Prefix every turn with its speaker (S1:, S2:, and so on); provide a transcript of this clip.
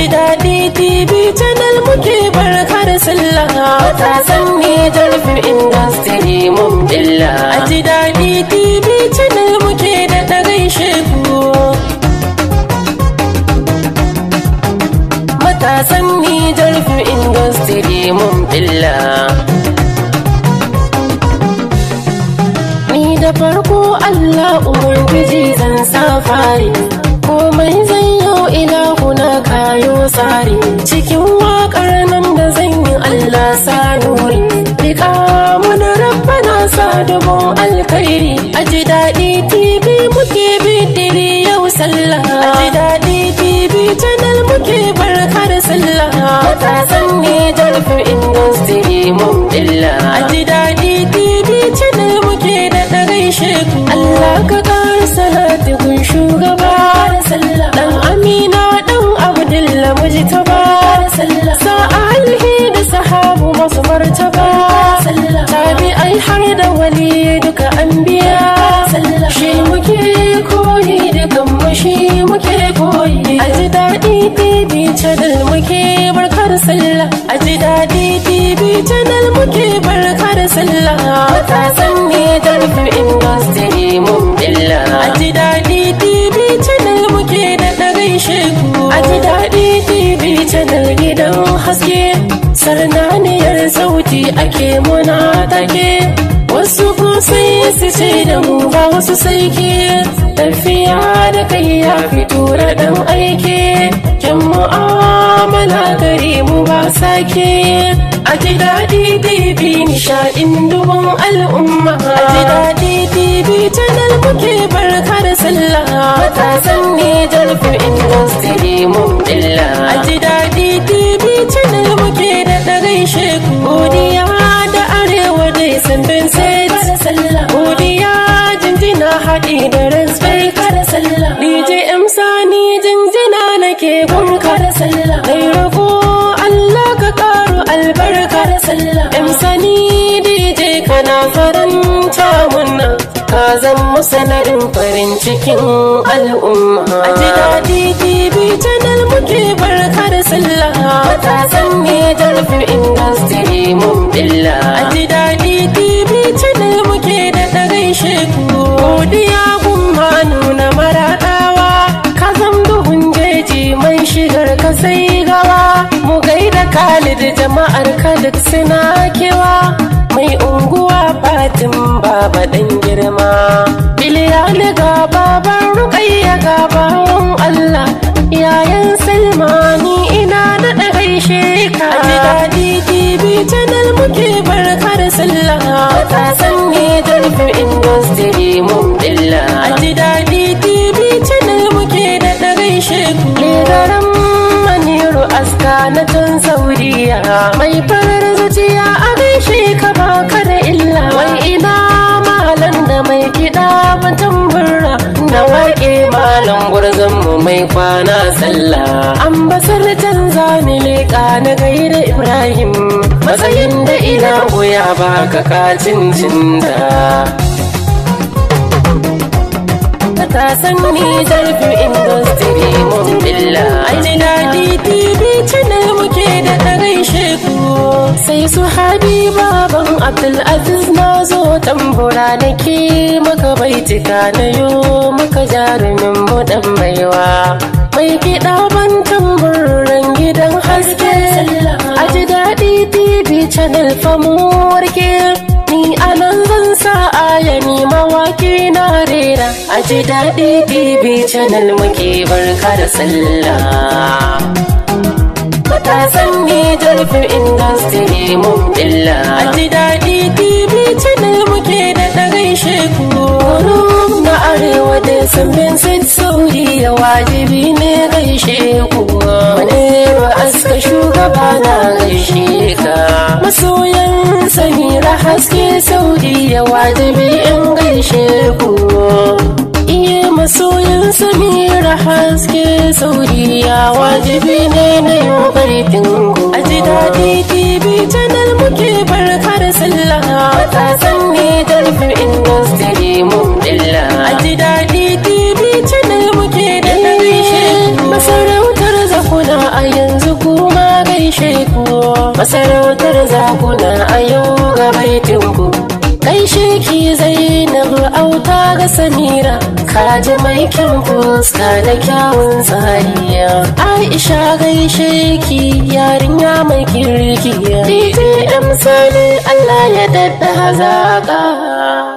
S1: Ji daɗi TV channel muke barka da sallah. Matasan Nijar Film Industry mun billa. A ji daɗi TV channel muke da ɗagai sheku. Matasan Nijar Film Industry mun billa. Ni da farko Allah umurgiji zan sa fari. alkhairi a ji daɗi tv muke bidiri yau sallah a ji daɗi tv channel muke barka da sallah matasan ne jalfar industry mu shi muke koyi a ji daɗi tv channel muke barkar sallah a ji daɗi tv channel muke barkar sallah matasan ne tarfi industry mun billa a ji daɗi tv channel muke da ɗagai sheku a ji daɗi tv channel gidan sarnaniyar sauti ake muna take wasu ko sai su ce da mu ba wasu sai ke tafiya da kai ya fito da dan aike kyan mu'amala gare mu ba sake a ji daɗi dibi nishaɗin dubon al'umma a ji daɗi dibi canal muke barka da sallah matasan ne jarfi industry mun billa a ji gaishe godiya da arewa dai sandan set godiya jinjina haɗi da respect dj m sani jinjina nake gunka dai rabo allah ka ƙaro albarka m sani dj kana ka zan musanarin farin cikin al'umma a ji daɗi tv channel muke barka da sallah matasan ne jarfi industry mun billa a ji daɗi tv channel muke da ɗagai sheku godiya gumma nuna maraɗawa ka zan duhun jeji mai shigar ka sai gawa mu gaida Khalid jama'ar Khalid suna kewa mai unguwa fatin baba dan girma biliyali ga baban rukayya ga bawan allah yayan salmani ina daɗa gaishe ka ji daɗi bi channel muke barkar sallah ta san ne jarfi industry mun dilla ji muke aska na tun sauriya mai fara tambura da waƙe malam gwarzon mu mai kwana sallah basar canza ni leƙa na gaida ibrahim matsayin da ina goya baka kacin jinda. matasan zarfi Film Industry mun billa. Aini daɗi TV channel muke da ɗarai sheku. Sai su Habiba ban Abdulaziz na zo tambura nake maka baitika na yo maka jarumin mu dan baiwa. Mai kiɗa ban tamburan gidan haske. Aji daɗi TV channel famu warke. Ni anan zan sa aya ni mawa. ji na rera a ji daɗi tv muke barka da sallah matasan ne jarfin industry mun billa a ji daɗi tv channel muke da ɗagai sheku na arewa da sabbin sitso tarbiyya wajibi ne gaishe ku wane ba aska shugaba na gaishe ka masoyan samira haske ya wajibi in gaishe ku iya masoyan samira haske ya wajibi ne na yin barkin ku a ji daɗi tv channel muke barkar sallah matasan ne masarautar zakuna a yau ga gabaitinku kai sheki na auta ga samira kaji mai kyan fuska da kyawun tsariya aisha gaishe yarinya mai kirki dtm sani allah ya dadda hazaƙa